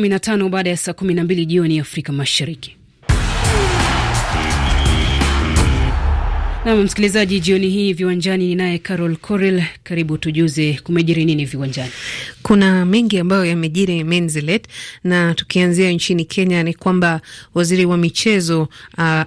15 baada ya saa 12 jioni Afrika Mashariki. Nam msikilizaji, jioni hii viwanjani ni naye Carol Corel. Karibu tujuze kumejiri nini viwanjani. Kuna mengi ambayo yamejiri Menzilet, na tukianzia nchini Kenya ni kwamba waziri wa michezo uh,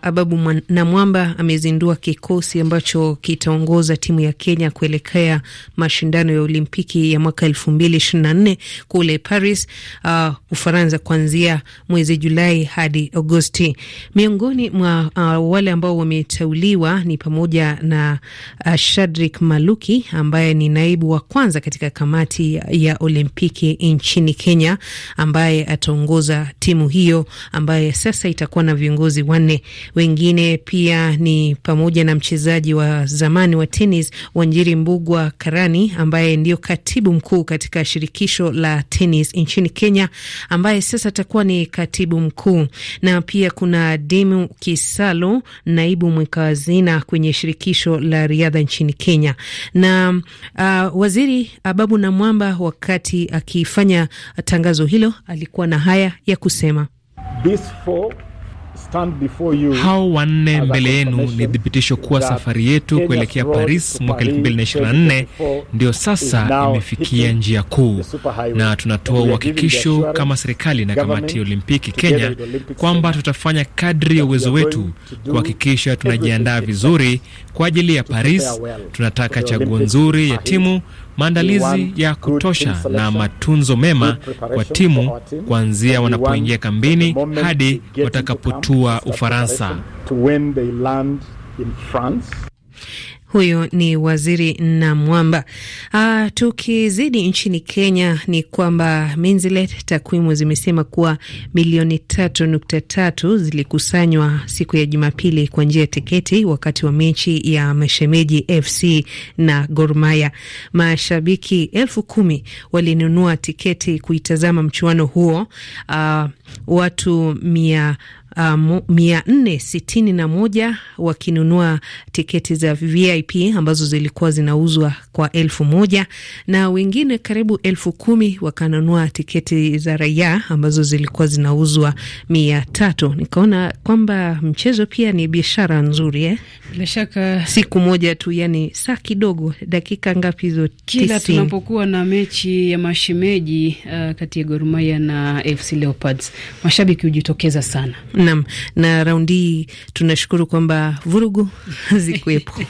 Ababu Namwamba amezindua kikosi ambacho kitaongoza timu ya Kenya kuelekea mashindano ya Olimpiki ya mwaka elfu mbili ishirini na nne kule Paris, uh, Ufaransa, kuanzia mwezi Julai hadi Agosti. Miongoni mwa uh, wale ambao wameteuliwa ni pamoja na uh, Shadrik Maluki ambaye ni naibu wa kwanza katika kamati ya Olimpiki nchini Kenya, ambaye ataongoza timu hiyo ambaye sasa itakuwa na viongozi wanne. Wengine pia ni pamoja na mchezaji wa zamani wa tenis Wanjiri Mbugwa Karani ambaye ndio katibu mkuu katika shirikisho la tenis nchini Kenya, ambaye sasa atakuwa ni katibu mkuu, na pia kuna Dimu Kisalo, naibu mweka hazina kwenye shirikisho la riadha nchini Kenya na uh, waziri Ababu Namwamba wakati Wakati akifanya tangazo hilo, alikuwa na haya ya kusema: hao wanne mbele yenu ni thibitisho kuwa safari yetu kuelekea Paris mwaka 2024 ndiyo sasa imefikia njia kuu, na tunatoa uhakikisho kama serikali na kamati ya Olimpiki Kenya kwamba tutafanya kadri ya uwezo wetu kuhakikisha tunajiandaa vizuri kwa ajili ya Paris. Tunataka chaguo nzuri ya timu maandalizi ya kutosha na matunzo mema kwa timu kuanzia wanapoingia kambini hadi watakapotua Ufaransa. Huyu ni waziri Namwamba. Uh, tukizidi nchini Kenya ni kwamba Minzilet takwimu zimesema kuwa milioni tatu nukta tatu zilikusanywa siku ya Jumapili kwa njia ya tiketi wakati wa mechi ya mashemeji FC na Gormaya. Mashabiki elfu kumi walinunua tiketi kuitazama mchuano huo. Uh, watu mia um, mia nne sitini na moja wakinunua tiketi za VIP ambazo zilikuwa zinauzwa kwa elfu moja na wengine karibu elfu kumi wakanunua tiketi za raia ambazo zilikuwa zinauzwa mia tatu. Nikaona kwamba mchezo pia ni biashara nzuri eh? Bila shaka siku moja tu, yani saa kidogo, dakika ngapi hizo? Kila tunapokuwa na mechi ya mashemeji uh, kati ya Gor Mahia na FC Leopards mashabiki hujitokeza sana mm. Nam, na raundi hii tunashukuru kwamba vurugu hazikuwepo.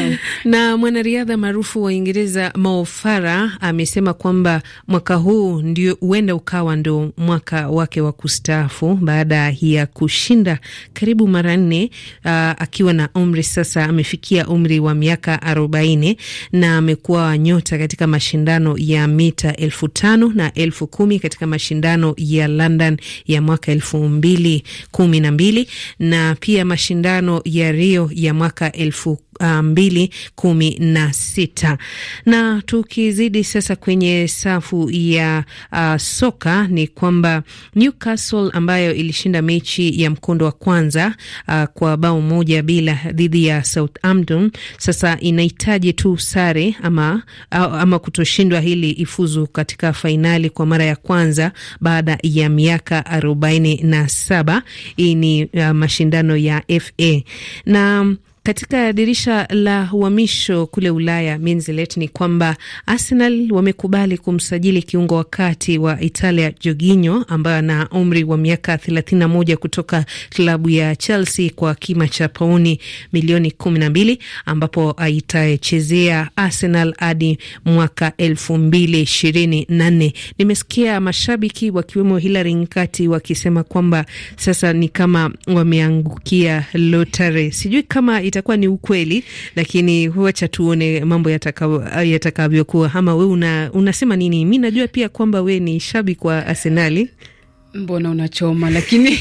Na mwanariadha maarufu wa Uingereza Mo Farah amesema kwamba mwaka huu ndio huenda ukawa ndo mwaka wake wa kustaafu baada ya kushinda karibu mara nne, uh, akiwa na umri sasa, amefikia umri wa miaka arobaini na amekuwa nyota katika mashindano ya mita elfu tano na elfu kumi katika mashindano ya London ya mwaka elfu mbili kumi na mbili na pia mashindano ya Rio ya mwaka elfu mbili kumi na sita. Na tukizidi sasa kwenye safu ya uh, soka ni kwamba Newcastle ambayo ilishinda mechi ya mkondo wa kwanza uh, kwa bao moja bila dhidi ya Southampton, sasa inahitaji tu sare ama, ama kutoshindwa ili ifuzu katika fainali kwa mara ya kwanza baada ya miaka arobaini na saba. Hii ni uh, mashindano ya FA na katika dirisha la uhamisho kule Ulaya Minzilet, ni kwamba Arsenal wamekubali kumsajili kiungo wa kati wa Italia Jorginho ambaye ana umri wa miaka 31 kutoka klabu ya Chelsea kwa kima cha pauni milioni 12 ambapo aitachezea Arsenal hadi mwaka 2024. Nimesikia mashabiki wakiwemo Hilary Nkati wakisema kwamba sasa ni kama wameangukia lotare, sijui kama itakuwa ni ukweli, lakini wacha tuone mambo yatakavyokuwa. Ama we una, unasema nini? Mi najua pia kwamba we ni shabiki wa Arsenali. Mbona unachoma lakini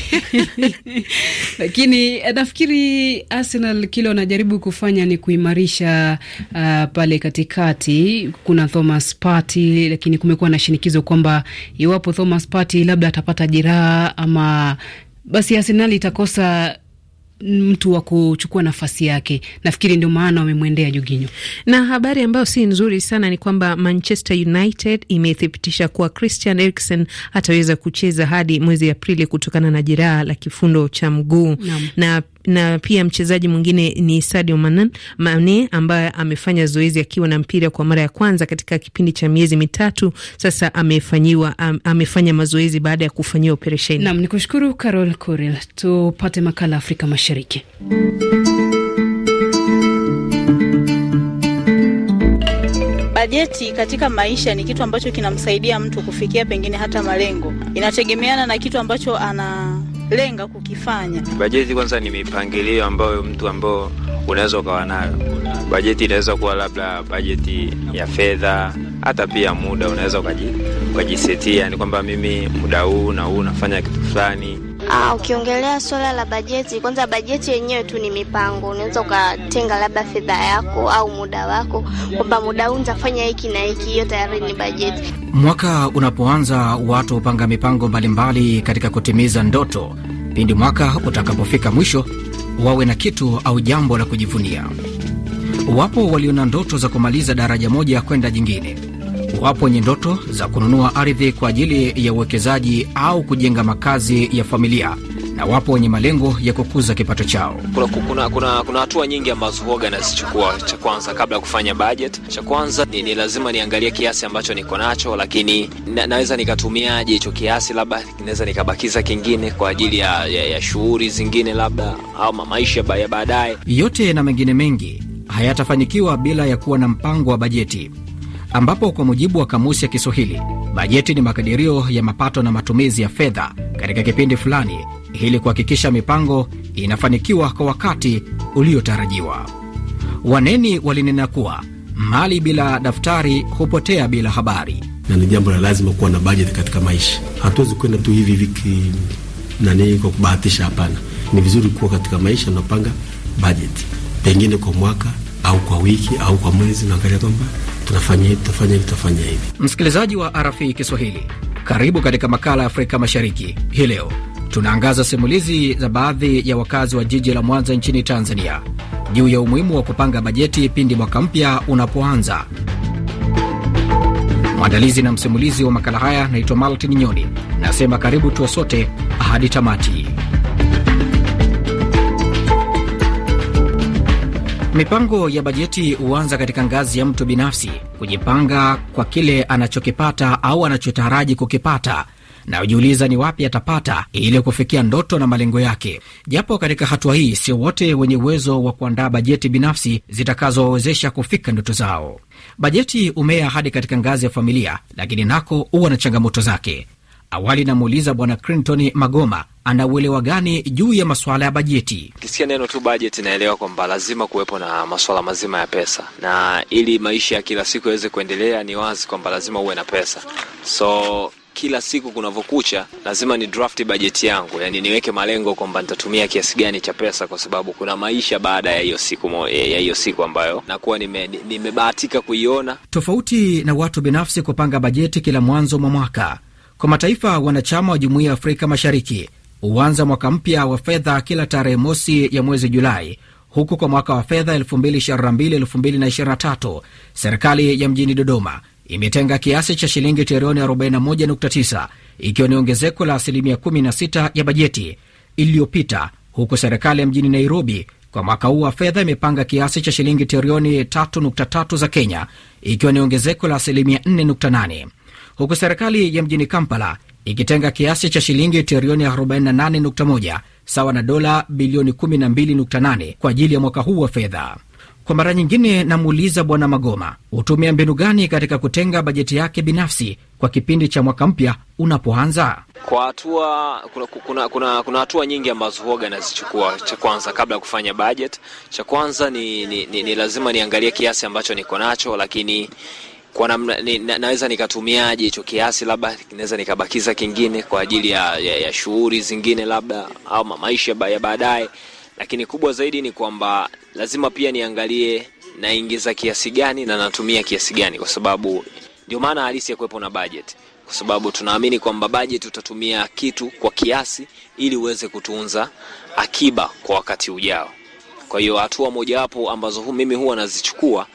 lakini eh, nafikiri Arsenal kile wanajaribu kufanya ni kuimarisha uh, pale katikati kuna Thomas Partey, lakini kumekuwa na shinikizo kwamba iwapo Thomas Partey labda atapata jeraha ama basi Arsenal itakosa mtu wa kuchukua nafasi yake. Nafikiri ndio maana wamemwendea Juginyo. Na habari ambayo si nzuri sana ni kwamba Manchester United imethibitisha kuwa Christian Eriksen ataweza kucheza hadi mwezi Aprili kutokana na jeraha la kifundo cha mguu na na pia mchezaji mwingine ni Sadio Mane ambaye amefanya zoezi akiwa na mpira kwa mara ya kwanza katika kipindi cha miezi mitatu sasa, amefanyiwa am, amefanya mazoezi baada ya kufanyiwa operesheni. Nam ni kushukuru Carol Corel. Tupate makala Afrika Mashariki. Bajeti katika maisha ni kitu ambacho kinamsaidia mtu kufikia pengine hata malengo, inategemeana na kitu ambacho ana lenga kukifanya. Bajeti kwanza ni mipangilio ambayo mtu ambao unaweza ukawa nayo. Bajeti inaweza kuwa labda bajeti ya fedha, hata pia muda unaweza ukajisetia, ni kwamba mimi muda huu na huu nafanya kitu fulani Ah, ukiongelea swala la bajeti, kwanza bajeti yenyewe tu ni mipango. Unaweza ukatenga labda fedha yako au muda wako kwamba muda huu nitafanya hiki na hiki, hiyo tayari ni bajeti. Mwaka unapoanza watu hupanga mipango mbalimbali katika kutimiza ndoto, pindi mwaka utakapofika mwisho wawe na kitu au jambo la kujivunia. Wapo waliona ndoto za kumaliza daraja moja kwenda jingine Wapo wenye ndoto za kununua ardhi kwa ajili ya uwekezaji au kujenga makazi ya familia na wapo wenye malengo ya kukuza kipato chao. Kuna, kuna, kuna, kuna hatua nyingi ambazo huoga nazichukua. Cha kwanza kabla ya kufanya budget, cha kwanza ni, ni lazima niangalie kiasi ambacho niko nacho, lakini na, naweza nikatumiaje hicho kiasi, labda naweza nikabakiza kingine kwa ajili ya, ya, ya shughuli zingine labda au maisha ya baadaye. Yote na mengine mengi hayatafanikiwa bila ya kuwa na mpango wa bajeti ambapo kwa mujibu wa kamusi ya Kiswahili bajeti ni makadirio ya mapato na matumizi ya fedha katika kipindi fulani ili kuhakikisha mipango inafanikiwa kwa wakati uliotarajiwa. Waneni walinena kuwa mali bila daftari hupotea bila habari, na ni jambo la lazima kuwa na bajeti katika maisha. Hatuwezi kwenda tu hivi viki nani kwa kubahatisha, hapana. Ni vizuri kuwa katika maisha unapanga bajeti, pengine kwa mwaka au kwa wiki au kwa mwezi, naangalia kwamba tunafanya hivi, tutafanya hivi, tutafanya hivi. Msikilizaji wa RFI Kiswahili, karibu katika makala ya Afrika Mashariki. Hii leo tunaangaza simulizi za baadhi ya wakazi wa jiji la Mwanza nchini Tanzania juu ya umuhimu wa kupanga bajeti pindi mwaka mpya unapoanza. Mwandalizi na msimulizi wa makala haya naitwa Maltin Nyoni, nasema karibu tuwe sote hadi tamati. Mipango ya bajeti huanza katika ngazi ya mtu binafsi kujipanga kwa kile anachokipata au anachotaraji kukipata na hujiuliza ni wapi atapata ili kufikia ndoto na malengo yake. Japo katika hatua hii sio wote wenye uwezo wa kuandaa bajeti binafsi zitakazowawezesha kufika ndoto zao. Bajeti umea hadi katika ngazi ya familia, lakini nako huwa na changamoto zake. Awali namuuliza Bwana Clinton Magoma ana uelewa gani juu ya masuala ya bajeti. Kisikia neno tu bajeti, naelewa kwamba lazima kuwepo na masuala mazima ya pesa, na ili maisha ya kila siku yaweze kuendelea, ni wazi kwamba lazima uwe na pesa so kila siku kunavyokucha lazima ni draft bajeti yangu, yani niweke malengo kwamba nitatumia kiasi gani cha pesa, kwa sababu kuna maisha baada ya hiyo siku mo, ya hiyo siku ambayo nakuwa nimebahatika nime kuiona. Tofauti na watu binafsi kupanga bajeti kila mwanzo mwa mwaka, kwa mataifa wanachama wa Jumuiya ya Afrika Mashariki huanza mwaka mpya wa fedha kila tarehe mosi ya mwezi Julai, huku kwa mwaka wa fedha 2022/2023 serikali ya mjini Dodoma imetenga kiasi cha shilingi trilioni 41.9 ikiwa ni ongezeko la asilimia 16 ya bajeti iliyopita, huku serikali ya mjini Nairobi kwa mwaka huu wa fedha imepanga kiasi cha shilingi trilioni 3.3 za Kenya ikiwa ni ongezeko la asilimia 4.8 huku serikali ya mjini Kampala ikitenga kiasi cha shilingi trilioni 48.1 sawa na dola bilioni 12.8 kwa ajili ya mwaka huu wa fedha. Kwa mara nyingine namuuliza Bwana Magoma hutumia mbinu gani katika kutenga bajeti yake binafsi kwa kipindi cha mwaka mpya unapoanza. Kwa hatua kuna, kuna, kuna, kuna hatua nyingi ambazo huoga nazichukua. Cha kwanza kabla ya kufanya budget, cha kwanza ni, ni, ni, ni lazima niangalie kiasi ambacho niko nacho, lakini kwa namna ni, na, naweza nikatumiaje hicho kiasi, labda naweza nikabakiza kingine kwa ajili ya, ya, ya shughuli zingine labda au maisha ya baadaye, lakini kubwa zaidi ni kwamba lazima pia niangalie naingiza kiasi gani na natumia kiasi gani, kwa sababu ndio maana halisi ya kuwepo na budget, kwa sababu tunaamini kwamba budget utatumia kitu kwa kiasi ili uweze kutunza akiba kwa wakati ujao. Kwa hiyo hatua mojawapo ambazo hu, mimi huwa nazichukua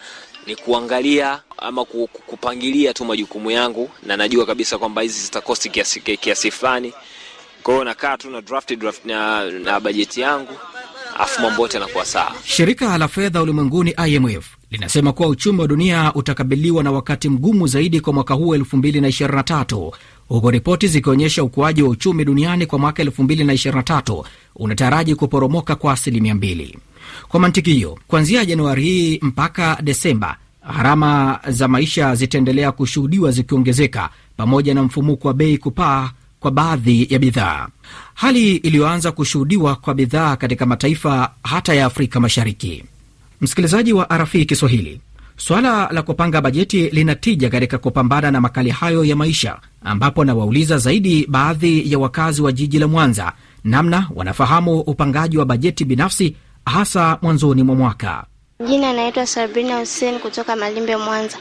ni kuangalia ama kupangilia tu majukumu yangu, na najua kabisa kwamba hizi zitakosti kiasi, kiasi fulani. Kwa hiyo nakaa tu na draft, draft na, na bajeti yangu afu mambo yote yanakuwa sawa. Shirika la fedha ulimwenguni IMF linasema kuwa uchumi wa dunia utakabiliwa na wakati mgumu zaidi kwa mwaka huu 2023 huku ripoti zikionyesha ukuaji wa uchumi duniani kwa mwaka 2023 unataraji kuporomoka kwa asilimia mbili. Kwa mantiki hiyo, kuanzia Januari hii mpaka Desemba, gharama za maisha zitaendelea kushuhudiwa zikiongezeka pamoja na mfumuko wa bei kupaa kwa baadhi ya bidhaa, hali iliyoanza kushuhudiwa kwa bidhaa katika mataifa hata ya Afrika Mashariki. Msikilizaji wa RFI Kiswahili, suala la kupanga bajeti lina tija katika kupambana na makali hayo ya maisha, ambapo nawauliza zaidi baadhi ya wakazi wa jiji la Mwanza namna wanafahamu upangaji wa bajeti binafsi hasa mwanzoni mwa mwaka. Jina naitwa Sabrina Hussein kutoka Malimbe, Mwanza.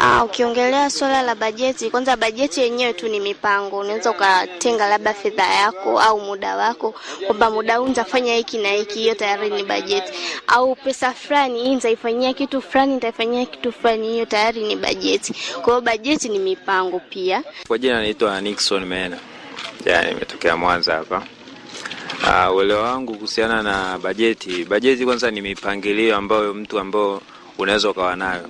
Aa, ah, ukiongelea swala la bajeti, kwanza bajeti yenyewe tu ni mipango. Unaweza ukatenga labda fedha yako au muda wako kwamba muda huu nitafanya hiki na hiki, hiyo tayari ni bajeti. Au pesa fulani hii nitaifanyia kitu fulani, nitaifanyia kitu fulani, hiyo tayari ni bajeti. Kwa hiyo bajeti ni mipango pia. Kwa jina naitwa Nixon Mena. Yaani nimetokea Mwanza hapa. Ah, uelewa uh, wangu kuhusiana na bajeti, bajeti kwanza ni mipangilio ambayo mtu ambao unaweza ukawa nayo.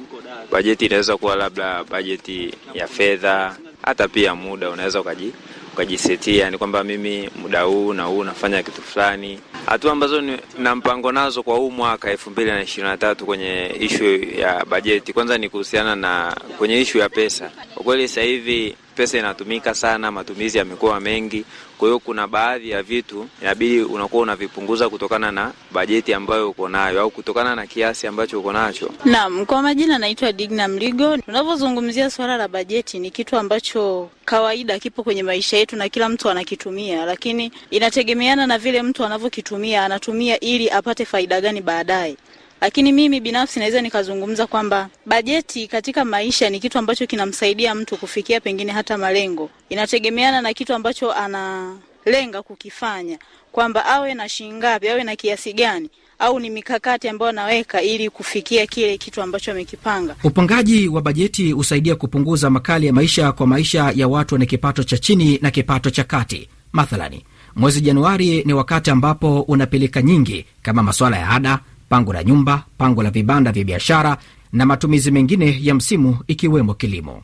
Bajeti inaweza kuwa labda bajeti ya fedha, hata pia muda unaweza ukaji ukajisetia ni kwamba mimi muda huu na huu nafanya kitu fulani, hatua ambazo na mpango nazo kwa huu mwaka elfu mbili na ishirini na tatu kwenye ishu ya bajeti. Kwanza ni kuhusiana na kwenye ishu ya pesa, kwa kweli sasa hivi pesa inatumika sana, matumizi yamekuwa mengi. Kwa hiyo kuna baadhi ya vitu inabidi unakuwa unavipunguza kutokana na bajeti ambayo uko nayo au kutokana na kiasi ambacho uko nacho. Naam, kwa majina naitwa Digna Mligo. Tunavyozungumzia swala la bajeti, ni kitu ambacho kawaida kipo kwenye maisha yetu na kila mtu anakitumia, lakini inategemeana na vile mtu anavyokitumia, anatumia ili apate faida gani baadaye. Lakini mimi binafsi naweza nikazungumza kwamba bajeti katika maisha ni kitu ambacho kinamsaidia mtu kufikia pengine hata malengo. Inategemeana na kitu ambacho analenga kukifanya, kwamba awe na shilingi ngapi, awe na kiasi gani au ni mikakati ambayo anaweka ili kufikia kile kitu ambacho amekipanga. Upangaji wa bajeti husaidia kupunguza makali ya maisha kwa maisha ya watu wenye kipato cha chini na kipato cha kati. Mathalani, mwezi Januari ni wakati ambapo una nyingi kama masuala ya ada, pango la nyumba, pango la vibanda vya biashara na matumizi mengine ya msimu ikiwemo kilimo.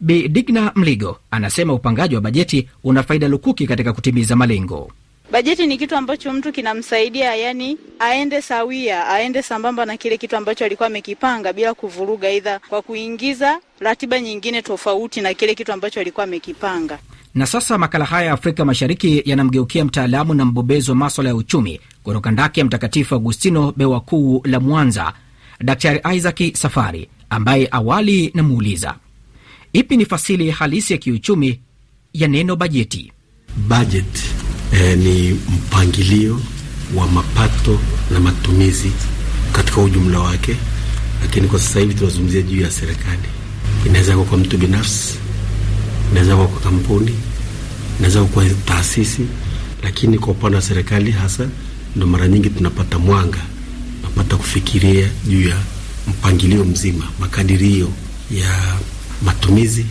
Bi Digna Mligo anasema upangaji wa bajeti una faida lukuki katika kutimiza malengo. Bajeti ni kitu ambacho mtu kinamsaidia, yani aende sawia, aende sambamba na kile kitu ambacho alikuwa amekipanga bila kuvuruga, aidha kwa kuingiza ratiba nyingine tofauti na kile kitu ambacho alikuwa amekipanga. Na sasa makala haya ya Afrika Mashariki yanamgeukia mtaalamu na mbobezi wa maswala ya uchumi kutoka ndake ya Mtakatifu Agustino bewa kuu la Mwanza, Daktari Isaki Safari, ambaye awali namuuliza ipi ni fasili halisi ya kiuchumi ya neno bajeti. Bajeti e, ni mpangilio wa mapato na matumizi katika ujumla wake, lakini kwa sasa hivi tunazungumzia juu ya serikali. Inaweza kuwa kwa mtu binafsi, inaweza kuwa kwa kampuni, inaweza kuwa kwa taasisi, lakini kwa upande wa serikali hasa ndo mara nyingi tunapata mwanga, tunapata kufikiria juu ya mpangilio mzima, makadirio ya matumizi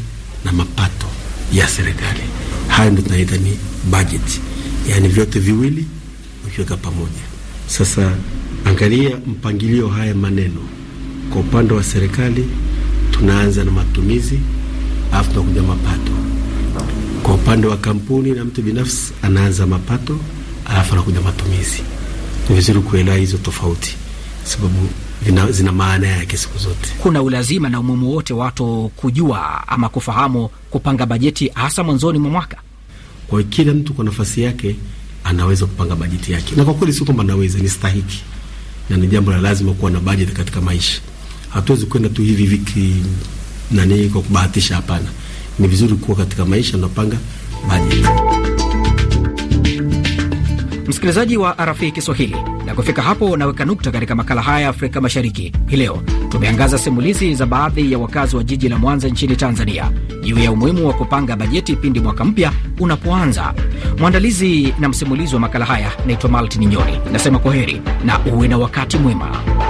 na mapato ya serikali. Hayo ndo tunaita ni bajeti yaani vyote viwili ukiweka pamoja. Sasa angalia mpangilio haya maneno. Kwa upande wa serikali tunaanza na matumizi, alafu tunakuja mapato. Kwa upande wa kampuni na mtu binafsi anaanza mapato, alafu anakuja matumizi. Ni vizuri kuelewa hizo tofauti, sababu vina, zina maana yake siku zote. Kuna ulazima na umuhimu wote watu kujua ama kufahamu kupanga bajeti, hasa mwanzoni mwa mwaka. Kwa hiyo kila mtu kwa nafasi yake anaweza kupanga bajeti yake, na kwa kweli sio kwamba naweza, ni stahiki na ni jambo la lazima kuwa na bajeti katika maisha. Hatuwezi kwenda tu hivi viki nani kwa kubahatisha, hapana. Ni vizuri kuwa katika maisha unapanga bajeti msikilizaji wa RFI Kiswahili. Na kufika hapo naweka nukta katika makala haya ya Afrika Mashariki hii leo. Tumeangaza simulizi za baadhi ya wakazi wa jiji la Mwanza nchini Tanzania juu ya umuhimu wa kupanga bajeti pindi mwaka mpya unapoanza. Mwandalizi na msimulizi wa makala haya naitwa Maltin Nyoni, nasema kwa heri na uwe na wakati mwema.